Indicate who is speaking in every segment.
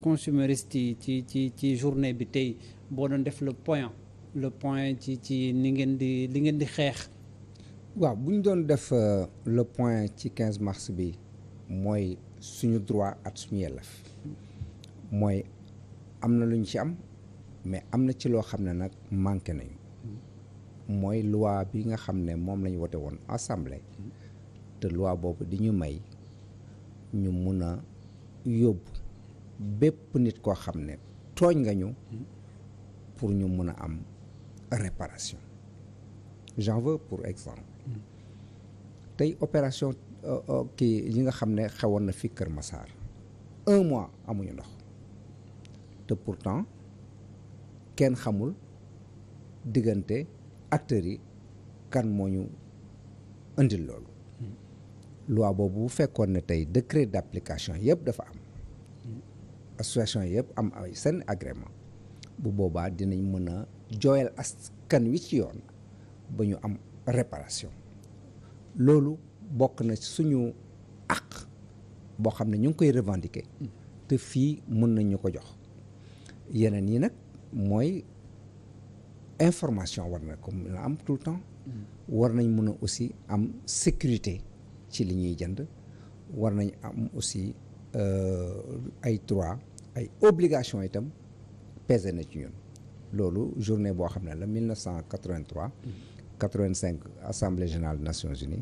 Speaker 1: consumériste yi ci ci ci journée bi tey boo doon def le point le point ci ci ni di li ngeen di xeex.
Speaker 2: waaw buñ doon def euh, le point ci 15 mars bi mooy suñu droit at suñu yelleef mooy am na lu ci am mais am na ci loo xam ne nag manqué nañu mooy loi bi nga xam ne moom la ñu wote woon assemblée te loi boobu di ñu may ñu mun a yóbbu. bépp nit koo xam ne tooñ nga ñu pour ñu mën a am réparation j'en veux pour exemple tey opération euh, euh, kii yi nga xam ne xewoon na fi Kër masaar un mois amuñu ndox te pourtant kenn xamul diggante acteurs yi kan moo ñu indil loolu loi boobu bu fekkoon ne tey décret d'application yëpp dafa am association yëpp am ay seen agrément bu boobaa dinañ mën a jooyal askan wi ci yoon ba ñu am réparation loolu bokk na suñu àq boo xam ne ñu ngi koy revendiquer te fii mun nañu ko jox yeneen yi nag mooy information war na ko mën a am tout le temps war nañ mën a aussi am sécurité ci li ñuy jënd war nañ am aussi Euh, ay droit ay obligation itam pesé na ci ñun loolu journée boo xam ne la 1983 85 assemblée générale des nations unies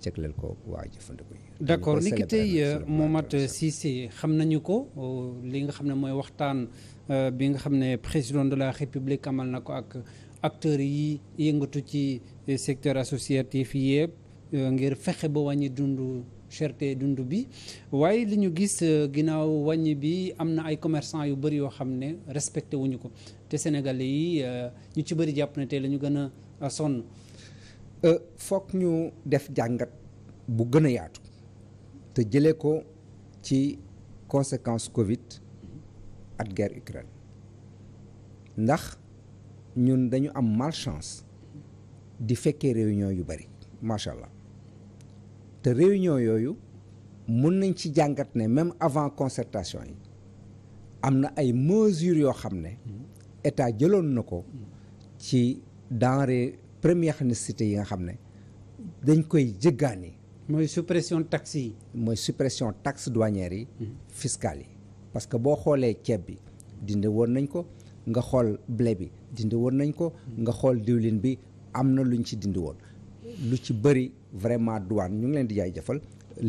Speaker 2: cekleel ko waa jëfandiku yi d'accord ni ki
Speaker 1: tey Momath Cissé xam nañu ko euh, li nga xam ne mooy waxtaan euh, bi nga xam ne président de la république amal na ko ak acteurs yi yëngatu ci secteur associatif yëpp ngir fexe ba wàññi dund cherté dund bi waaye li ñu gis euh, ginnaaw wàññi bi am na ay commerçant yu bëri yoo xam ne respecté wuñu ko te Sénégalais yi euh, ñu ci bëri jàpp na tey la
Speaker 2: ñu gën a euh, sonn. foog ñu def jàngat bu gën a yaatu te jëlee ko ci conséquence Covid ak guerre Ukraine ndax ñun dañu am malchance di fekkee réunion yu bëri macha allah. te réunion yooyu mun nañ ci jàngat ne même avant concertation yi am na ay mesures yoo xam ne état jëloon na ko ci denrée première nécessité yi nga xam ne dañ koy jëggaani mooy suppression taxe yi mooy suppression taxe douanière yi mhm. fiscale yi parce que boo xoolee ceeb bi dindi woon nañ ko nga xool blé bi dindi woon nañ ko mhm. nga xool diwlin bi am na luñ ci dindi woon lu ci bëri vraiment douane ñu ngi leen di jaay jëfal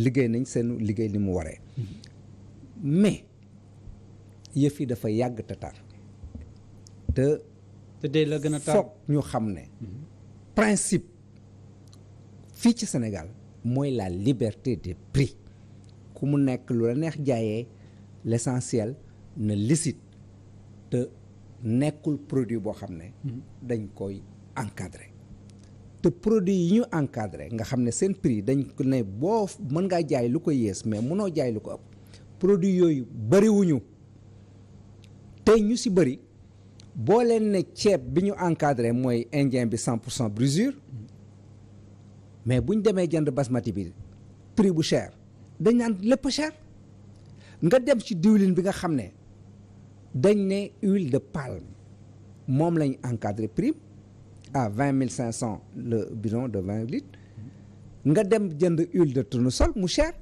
Speaker 2: liggéey nañ seen liggéey li mu waree mais yëf yi dafa yàgg te te te la gën a tar foog ñu xam ne principe fii ci senegal mooy la liberté des prix ku mu nekk lu la neex jaayee l'essentiel na licite te nekkul produit boo xam ne mm-hmm. dañ koy encadrer te produit yi ñu encadré nga xam ne seen prix dañ ko ne boo mën ngaa jaay lu ko yées mais mënoo jaay lu ko ëpp produit yooyu bëriwuñu tey ñu si bëri boo leen ne ceeb bi ñu encadré mooy indien bi 100 pour cent brisure mais bu demee jënd basmati bi prix bu cher dañ naan lépp cher nga dem ci diwlin bi nga xam ne dañ ne huile de palme moom lañu encadre prix à vingt mille cinq cent le bidon de vingt litres nga dem jënd huile de tournesol mu cher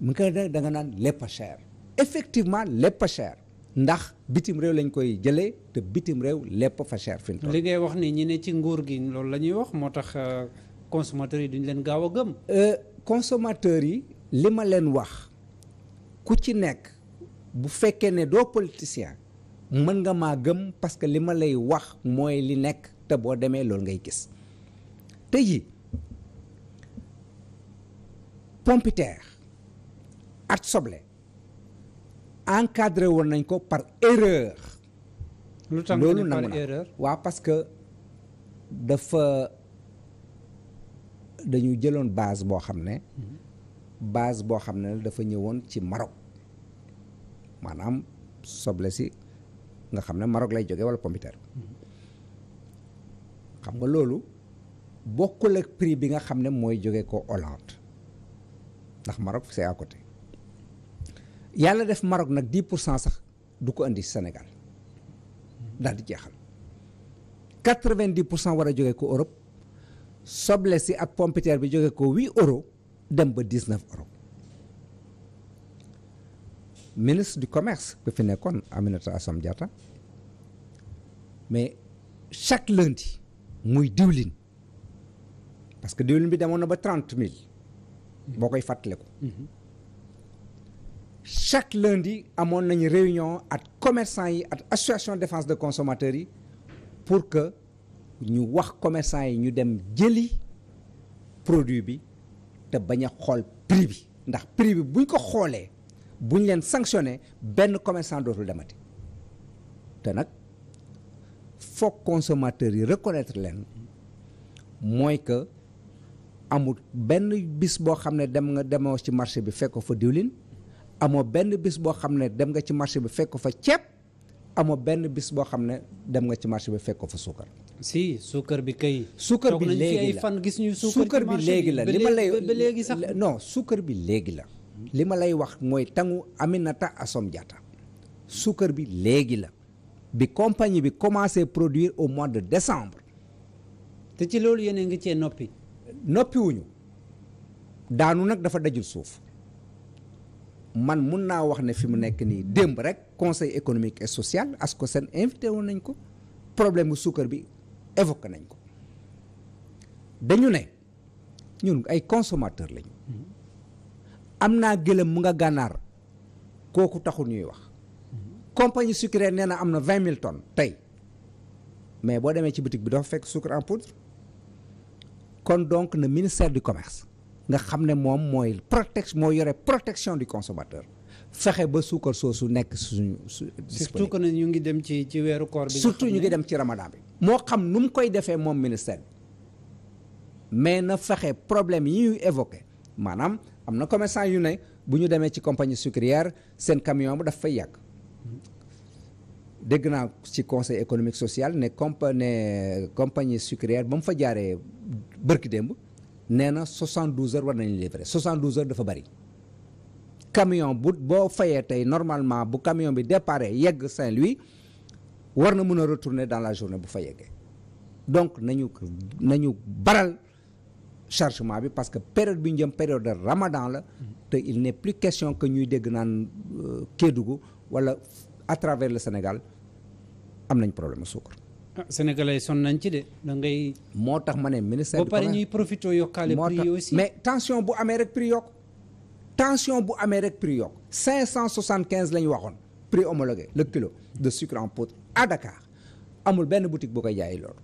Speaker 2: mu koy da nga naan lépp a cher effectivement lépp a cher ndax bitim réew lañ koy jëlee te bitim réew lépp fa cher fi
Speaker 1: li ngay wax nii ñi ne ci nguur gi loolu la ñuy wax moo tax euh, consommateurs yi duñ leen gaaw a gëm. Euh, consommateurs
Speaker 2: yi li ma leen wax ku ci nekk bu fekkee ne doo politicien mën nga maa gëm parce que li ma lay wax mooy li nekk. te boo demee loolu ngay gis te yi pompiteer ak soble encadré woon nañ ko par erreur. lu tax loolu nangu na waa parce que dafa dañu jëloon base boo xam ne. Mhm. base boo xam ne dafa ñëwoon ci Maroc maanaam soble si nga xam ne Maroc lay jóge wala pompiteer. Mhm. xam nga loolu bokkul ak prix bi nga xam ne mooy jóge ko Hollande ndax Maroc c'est à côté yàlla def Maroc nag 10 pour cent sax du ko indi Sénégal daal di jeexal 90 pour cent war a jóge ko Europe soble si ak pompiteer bi jóge ko 8 euros dem ba 19 euros ministre du commerce bi fi nekkoon Aminata Assome Diatta mais chaque lundi. muy diwlin parce que diwlin bi demoon na ba trente mille boo koy fàttaliku. chaque lundi amoon nañu réunion ak commerçant yi ak association défense de consommateurs yi pour que ñu wax commerçant yi ñu dem jëli produit bi te bañ a xool prix bi ndax prix bi buñ ko xoolee buñ leen sanctionné benn commerçant dootul demati te nag. foog consommateurs yi reconnaître leen mooy que amul benn bis boo xam ne dem nga demoo ci marché bi fekk fa diwlin amoo benn bis boo xam ne dem nga ci marché bi fekk fa ceeb amoo benn bis boo xam ne dem nga ci marché bi fekk fa suukar.
Speaker 1: si suukar bi kay.
Speaker 2: suukar bi léegi la fan bi léegi la li ma lay ba léegi sax non suukar bi léegi la. li ma lay wax mooy tangu Aminata Assome Diatta suukar bi léegi la. bi compagnie bi commencé produire au mois de décembre. te ci loolu yéen ngi cee noppi. noppiwuñu daanu nag dafa dajul suuf man mun naa wax ne fi mu nekk nii démb rek conseil économique et social seen invité woon nañ ko problème bu suukar bi évoqué nañ ko dañu ne ñun ay consommateur lañu mm-hmm. am naa gëlëm mu nga gànnaar kooku taxul ñuy wax. compagnie sucrière nee na am na vingt mille tonnes tey mais boo demee ci boutique bi dafa fekk sucre en poudre kon donc na ministère du commerce nga xam ne moom mooy protect moo yore protection du consommateur fexe ba suukar soo su nekk su surtout que ñu ngi dem ci ci weeru koor ñu ngi dem ci ramadan bi. moo xam nu mu koy defee moom ministère bi mais na fexe problème yi ñuy évoqué maanaam am na commerçant yu ne bu ñu demee ci compagnie sucrière seen camion bu daf fay yàgg. dégg naa ci conseil économique social ne compa ne compagnie sucrière ba mu fa jaaree bërki démb nee na 72 heures war nañu livrer 72 heures dafa bari camion bu boo fayee tey normalement bu camion bi déparé yegg Saint-Louis war na mën a retourner dans la journée bu fa yeggee donc nañu nañu baral chargement bi parce que période bi ñu jëm période de ramadan la te il n'est plus question que ñuy dégg naan euh, Kédougou wala à travers le Sénégal am nañ problème mu suukar.
Speaker 1: ah sénégalais nañ ci de da ngay.
Speaker 2: moo tax ma ne ministère bi. ba pare ñuy profité yokkaale prix yi mais tension bu amee rek prix yokk. tension bu amee rek prix yokk. 575 la ñu waxoon prix homologué le kilo de sucre en pot à Dakar amul benn boutique boo koy jaayee loolu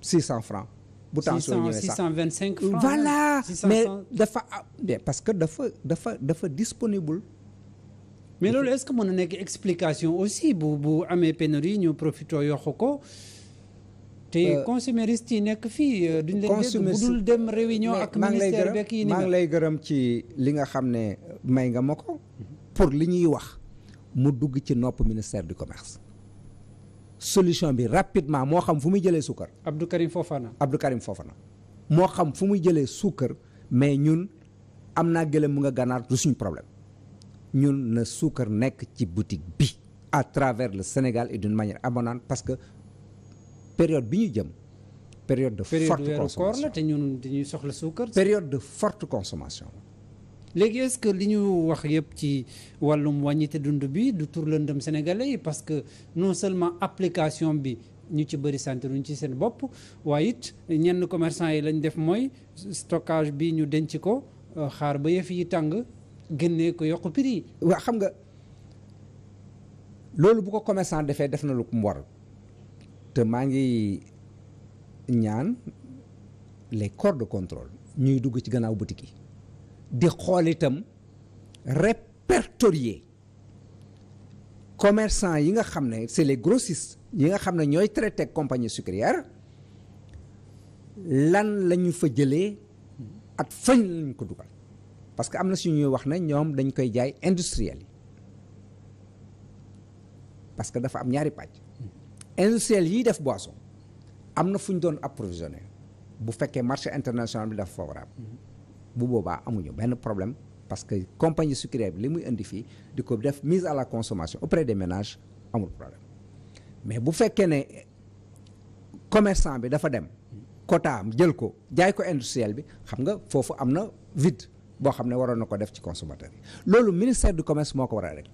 Speaker 2: 600 francs bu tension ñëwee sax
Speaker 1: 625 francs voilà 600, mais dafa
Speaker 2: parce que dafa dafa dafa disponible.
Speaker 1: mais loolu est-ce que mën na nekk explication aussi bu bu amee pénurie ñu profito yokk ko te euh, consumériste yi nekk fii euh, duñ leen dégg bu dul dem réunion ak ministère beeg yi ni lay
Speaker 2: gërëm ci li nga xam ne may nga ma ko pour li ñuy wax mu dugg ci nopp ministère du commerce solution bi rapidement moo xam fu muy jëlee suukar Abdou Karim Fofana Abdou Karim Fofana moo xam fu muy jëlee suukar mais ñun am naa gëlëm mu nga gànnaar du suñu problème ñun na suukar nekk ci boutique bi à travers le Sénégal et d'une manière abondante parce que période bi ñu jëm période de forte consommation la te ñun
Speaker 1: dañuy soxla suukar
Speaker 2: période de forte consommation
Speaker 1: léegi est-ce li ñu wax yëpp ci wàllum te dund bi du tur lëndëm sénégalais yi parce que non seulement application bi ñu ci bëri santiruñ ci seen bopp waaye it ñenn commerçant yi lañ def mooy stockage bi ñu denc ko euh, xaar ba
Speaker 2: yëf yi tàng génnee ko yokk prix waa xam nga loolu bu ko commerçant defee def na lu mu te maa ngi ñaan les corps de contrôle ñuy dugg ci gannaaw boutique yi di xool itam répertorier commerçant yi nga xam ne c'est les grossistes yi nga xam ne ñooy traité compagnie sucrière lan lañu fa jëlee ak fañ lañ ko dugal. parce que am na suñuy wax nañ ñoom dañ koy jaay industriel yi parce que dafa am ñaari pàcc industriel yiy def boison am na fu ñu doon approvisionné bu fekkee marché international bi dafa favorable bu boobaa amuñu benn problème parce que compagnie sucrière bi li muy indi fii di ko def mise à la consommation auprès de ménage amul problème mais bu fekkee ne commerçant bi dafa dem quota am jël ko jaay ko industriel bi xam nga foofu am na vide boo xam ne waroon na ko def ci consommateur yi loolu ministère du commerce moo ko war rek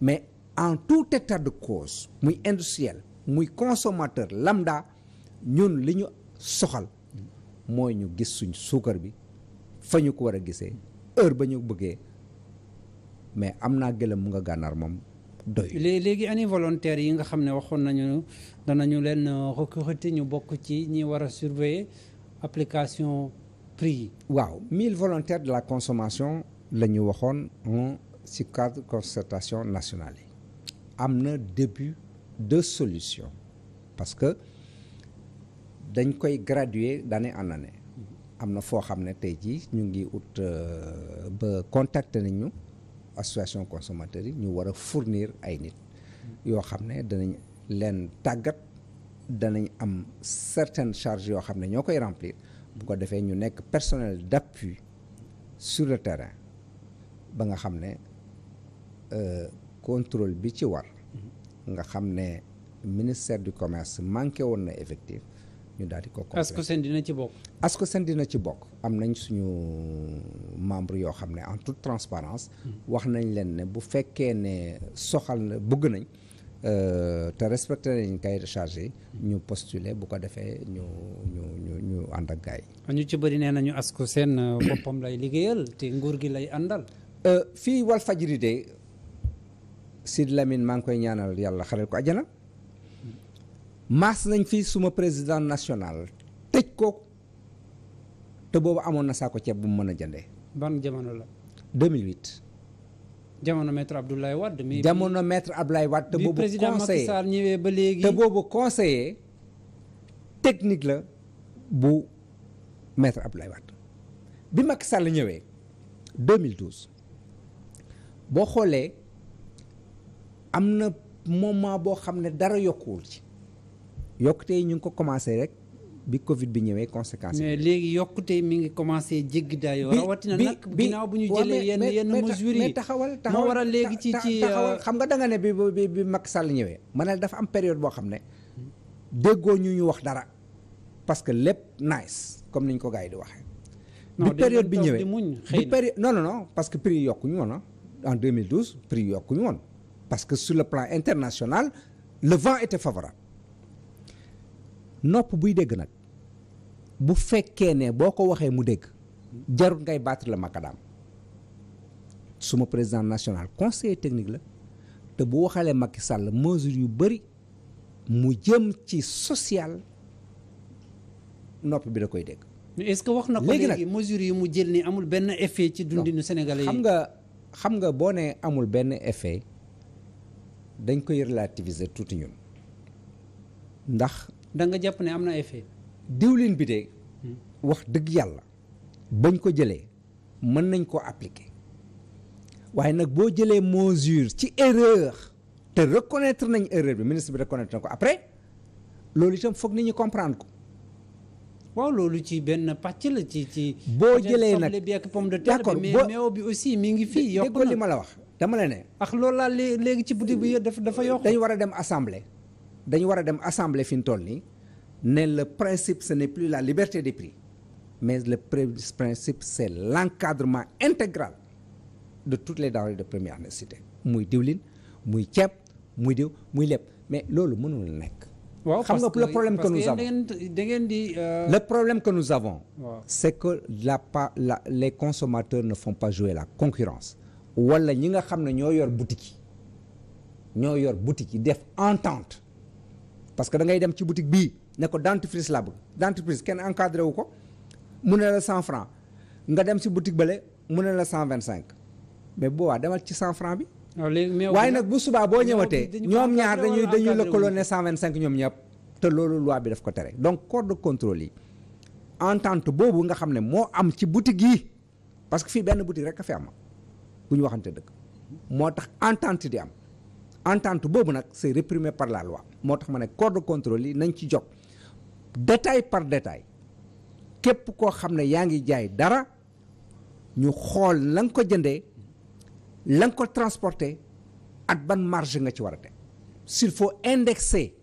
Speaker 2: mais en tout état de cause muy industriel muy consommateur lambda ñun li ñu soxal mooy ñu gis suñ suukar bi fa ñu ko war a gisee heure ba ñu bëggee mais am naa gëlëm mu nga gànnaar moom doy.
Speaker 1: léegi ani volontaires yi nga xam ne waxoon nañu nañu leen recruter ñu bokk ci ñi war a surveiller application.
Speaker 2: prix yi. waaw mille volontaires de la consommation la ñu waxoon ci cadre concertation nationale yi am na début deux solution parce que dañ koy graduer d'année en année am na foo xam ne tey jii ñu ngi ut euh, ba contacter nañu association consommateurs yi ñu war a fournir ay nit yoo xam ne danañ leen tàggat danañ am certaines charges yoo xam ne ñoo koy remplir bu ko defee ñu nekk personnel d'appui sur le terrain ba nga xam ne euh, contrôle bi ci war
Speaker 1: mm-hmm.
Speaker 2: nga xam ne ministère du commerce manqué woon na effective ñu daal di ko ASCOSEN dina ci bokk ASCOSEN dina ci bokk am nañ suñu membre yoo xam ne en toute transparence mm-hmm. wax nañ leen ne bu fekkee ne soxal na bëgg nañ Euh, te respecté nañ cahier de yi ñu postule bu ko defee ñu ñu ñu ñu ànd ak gars yi.
Speaker 1: ñu ci bëri nee nañu asko seen euh, boppam lay liggéeyal te nguur
Speaker 2: gi lay àndal. Euh, fii Walfadjri de Sid Lamine maa ngi koy ñaanal yàlla xaral ko àjjana. maas nañ fi suma président national tëj ko te boobu amoon na saako ceeb bu mu mën a jëndee.
Speaker 1: ban jamono la. jamono maître Abdoulaye Wade. mais jamono
Speaker 2: maître Abdoulaye Wade. te boobu conseiller président Macky Sall
Speaker 1: ñëwee ba léegi. te boobu conseiller
Speaker 2: technique la bu maître Abdoulaye Wade bi Macky Sall ñëwee 2012 boo xoolee am na moment boo xam ne dara yokkuwul ci yokkute yi ñu ngi ko commencé rek. bi Covid bi ñëwee conséquences
Speaker 1: mais léegi yokkute mi ngi commencé jéggi dayoo. rawatina nag ginnaaw bu ñu jëlee yenn yenn mesures yi taxawal taxawal moo waral léegi ci ci euh,
Speaker 2: xam nga da nga ne bi bi bi Macky Sall ñëwee. ma ne dafa am période boo xam ne déggoo ñu ñu wax dara parce que lépp nice comme niñ ko gars yi di waxee. bi période bi ñëwee bi période non non non parce que prix yokkuñu woon ah. en 2012 prix yokkuñu woon parce que sur le plan international le vent était favorable. nopp buy dégg nag bu fekkee ne boo ko waxee mu dégg jarul ngay battre le macadam suma président national conseiller technique la te bu waxalee Macky Sall mesure yu bëri mu jëm ci social nopp bi da koy dégg. est-ce que wax na ko léegi mesure yu mu jël ni amul benn effet ci dundinu Sénégalais yi. xam nga xam nga boo nee amul benn effet dañ koy relativiser tuuti ñun ndax
Speaker 1: da nga jàpp ne am na effet.
Speaker 2: diwlin bi de wax dëgg yàlla bañ ko jëlee mën nañ ko appliquer waaye nag boo jëlee mesure ci erreur te reconnaître nañ erreur bi ministre bi reconnaître na ko après loolu itam foog nit ñi comprendre ko. waaw loolu ci benn pàcc la ci ci. boo jëlee nag bi ak
Speaker 1: pomme de
Speaker 2: meew bi aussi mi ngi fii. yokku li ma la wax dama la ne. ak loolu laa léegi ci buddi bi dafa dafa yokk. dañu war a dem assemblée. dañu war a dem assemblée fi ñu toll nii ne le principe ce plus la liberté des prix mais le principe c'est l'encadrement intégral de toutes les denrées de première nécessité muy diwlin muy ceeb muy diw muy lépp mais loolu mënul nekk waaw xam nga le problème que nous avons
Speaker 1: da ngeen di le
Speaker 2: problème que nous avons wow. c'est que la pa la les consomateurs ne font pas jouer la concurrence wala ñi nga xam ne ñoo yor boutique yi ñoo yor boutique yi def entente parce que da ngay dem ci boutique bii ne ko dentifrice laa bëgg dentifrice kenn encadré wu ko mu ne la cent franc nga dem si boutique bële mu ne la cent vingt cinq mais boobaa demal ci cent franc bi.
Speaker 1: waaye nag bu subaa boo ñëwatee ñoom ñaar dañuy dañuy lëkkaloo ne
Speaker 2: cent vingt cinq ñoom ñëpp te loolu loi bi daf ko tere donc corps de contrôle yi entente boobu nga xam ne moo am ci boutique yi parce que fii benn boutique rek a fi am bu ñu waxante dëkk moo tax entente di am. entente boobu nag c'est réprimé par la loi moo tax ma ne corps de yi nañ ci jot détail par détail képp koo xam ne yaa ngi jaay dara ñu xool la ko jëndee la nga ko transporter ak ban marge nga ci war a teg s'il faut indexer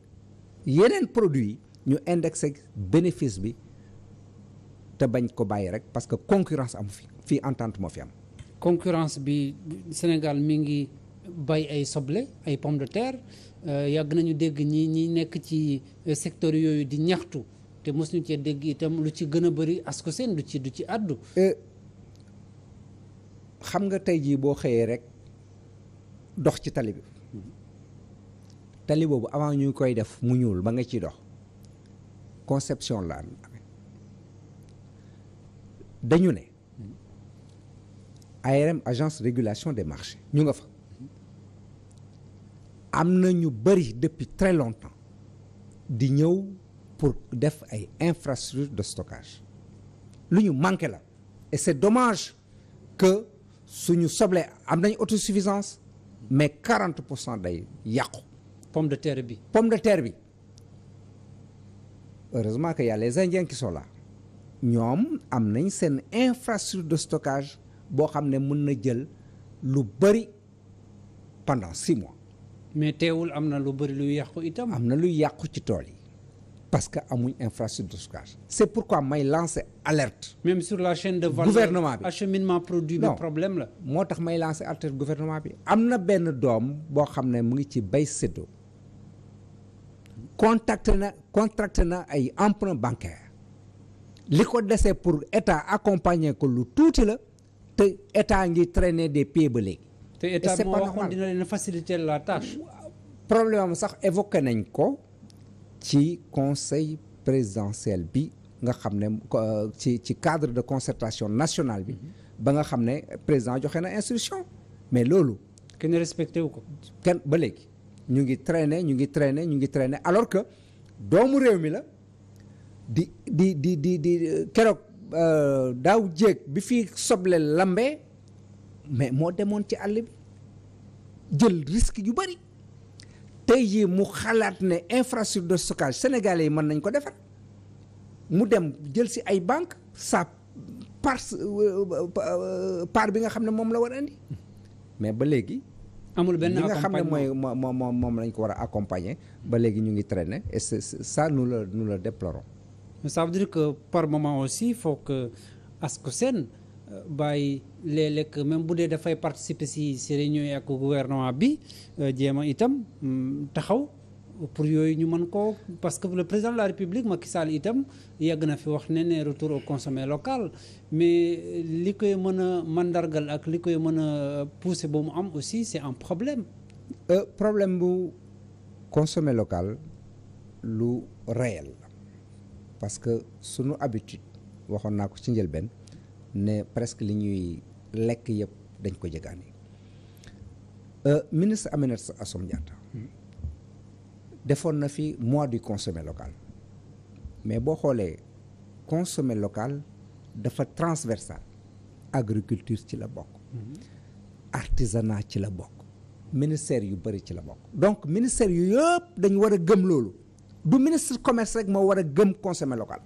Speaker 2: yeneen produit ñu indexer bénéfice bi te bañ ko bàyyi rek parce que concurrence amu fi fii entente moo fi am
Speaker 1: concurrence bi Sénégal mi ngi bay ay soble ay pomme de terre euh, yàgg nañu dégg ñi ñi nekk ci euh, secteur yooyu di ñaxtu te mos cee dégg itam lu ci gën a bëri asko seen du ci du ci àddu. Euh,
Speaker 2: xam nga tey jii boo xëyee rek dox ci tali bi mm-hmm. tali boobu avant ñu koy def mu ñuul ba nga ciy dox conception la dañu ne ARM mm-hmm. agence régulation des marché ñu nga fa. am na ñu bëri depuis très longtemps di ñëw pour def ay infrastructures de stockage lu ñu manqué la et c'est domage que suñu soble am nañ autosuffisance mais 40 pour cent day yàqu. pomme de terre bi. pomme de terre bi heureusement que y les indiens qui sont ñoom am nañ seen infrastructure de stockage boo xam ne mën na jël lu bëri pendant six mois. mais teewul am na lu bëri lu yàqu itam. am na luy yàqu ci tool yi. parce que amuñ infrastructure de stockage. c' est pourquoi may lancer alerte.
Speaker 1: même sur la chaîne de valeur gouvernement bi acheminement produit bi
Speaker 2: problème la. moo tax may lancer alerte gouvernement bi. am na benn doom boo xam ne mu ngi ci bay séddoo contacté na contracté na ay emprunt bancaire li ko dese pour état accompagner ko lu tuuti la te état ngi trainer des pieds ba léegi.
Speaker 1: te état bi moo waxoon dina leen faciliter la tâche.
Speaker 2: problème am sax évoqué nañ ko ci conseil présidentiel bi nga xam ne ci ci cadre de concertation national bi ba nga xam ne président joxe na instruction mais loolu. kenn respecté wu ko. kenn ba léegi ñu ngi traîner ñu ngi traîner ñu ngi traîner alors que doomu réew mi la di di di di di keroog euh, daaw jéeg bi fi soble lambee. mais moo demoon ci àll bi jël risque yu bari tey jii mu xalaat ne infrastructure de stockage sénégalais yi mën nañ ko defar mu dem jël si ay banque sa par euh, euh, part bi nga xam ne moom la war a mais ba léegi. amul benn accompagnement li nga xam ne mooy moom moom moom lañ ko war a accompagner ba léegi ñu ngi traîner et ça nous le nous le déplorons. mais ça
Speaker 1: veut dire par moment aussi il faut que Ascosen. bàyyi léeg lekk même bu dee dafay participer si si réunion yi ak gouvernement bi euh, jéem a itam mm, taxaw pour yooyu ñu mën ko parce que le président la république Macky Sall itam yàgg na fi wax ne ne retour au consommé local mais li koy mën a mandargal ak li koy mën a pousser ba mu am aussi c'est un problème.
Speaker 2: Euh, problème bu consommé local lu réel parce que sunu habitude waxoon naa ko ci njëlbeen. ne presque li ñuy lekk yëpp dañ ko jëgaani euh, ministre Aminata Assome Diatta defoon na fi mois du consommé local mais boo xoolee consommé local dafa transversal agriculture ci la bokk artisanat ci la bokk ministère yu bëri ci la bokk donc ministère yu yëpp dañu war a gëm loolu du ministre commerce rek moo war a gëm consommé local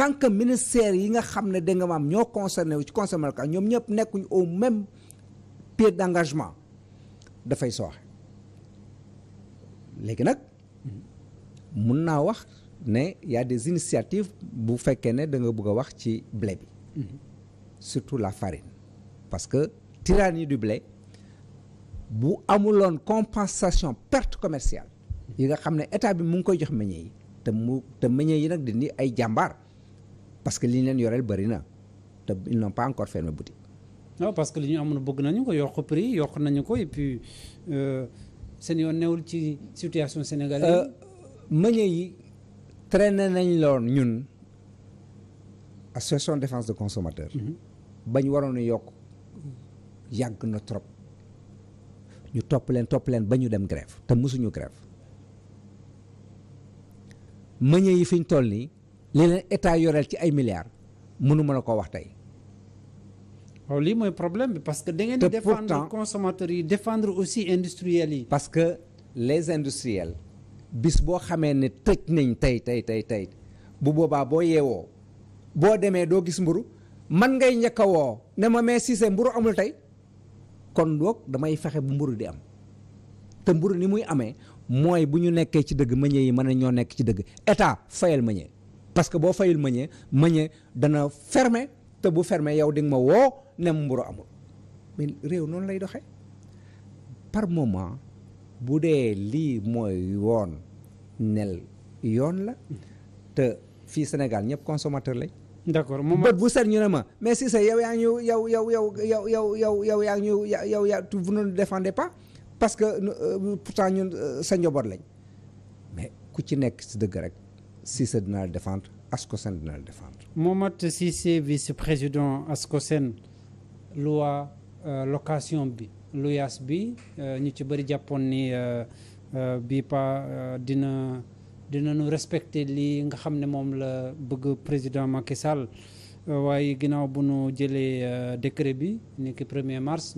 Speaker 2: tant que ministère yi nga xam ne da nga maam ñoo concerné wu ci concerné ka ñoom ñëpp nekkuñ au même pied d'engagement dafay sooxe léegi nag mun naa wax ne y a des initiatives bu fekkee ne da nga bëgg a wax ci blé bi surtout la farine parce que tyrannie du blé bu amuloon compensation perte commerciale yi nga xam ne état bi mu ngi koy jox meñe yi te mu te meññee yi nag dindi ay jàmbaar parce que li ñu leen yoreel bëri na te ils n'ont pas encore fermé boutique.
Speaker 1: non parce que li ñu amoon bëgg nañu ko yokk prix yokk nañu ko et puis euh, seen yoon newul ci situation sénégalaise yi. Euh,
Speaker 2: meunier yi traîné nañ loon ñun association défense de consommateur. Mhm. bañ waroon a yokk yàgg na trop. ñu topp leen topp leen ba ñu dem grève te mësuñu grève meunier yi fi ñu toll nii. li leen état yoreel ci ay milliards mënu mën a ko wax tey. waaw oh, lii mooy problème bi parce que. da ngeen di défendre consommateurs yi défendre aussi industriels yi. parce que les industriels bis boo xamee ne tëj nañ tey tey tey tey bu boobaa boo yeewoo boo demee doo gis mburu man ngay njëkk a woo ne ma mais Cissé mburu amul tey kon doog damay fexe bu mburu di am te mburu ni muy amee mooy bu ñu nekkee ci dëgg meññee yi mën a ñoo nekk ci dëgg état fayal meññee. parce que boo fayul meññee meññee dana fermer te bu fermer yow di nga ma woo ne mburu amul mais réew noonu lay doxee par moment bu dee lii mooy yoon nel yoon la te fii Sénégal ñëpp consommateur lañ. d'accord moom bët bu set ñu ne ma mais si sa yow yaa ngi ñu yow yow yow yow yow yow yow yaa ngi ñu yow yaa tu vous ne défendez pas parce que euh, pourtant ñun euh, sa njaboot lañ mais ku ci nekk si dëgg rek. Cissé dina la défendre Ascosen dina la défendre.
Speaker 1: Momath Cissé vice président Ascosen loi euh, location bi luyaas bi euh, ñu ci bëri jàppoon ni euh, bi pa dina dina nu respecter li nga xam ne moom la bëgg président Macky waaye ginnaaw bu nu jëlee décret bi ni ki premier mars.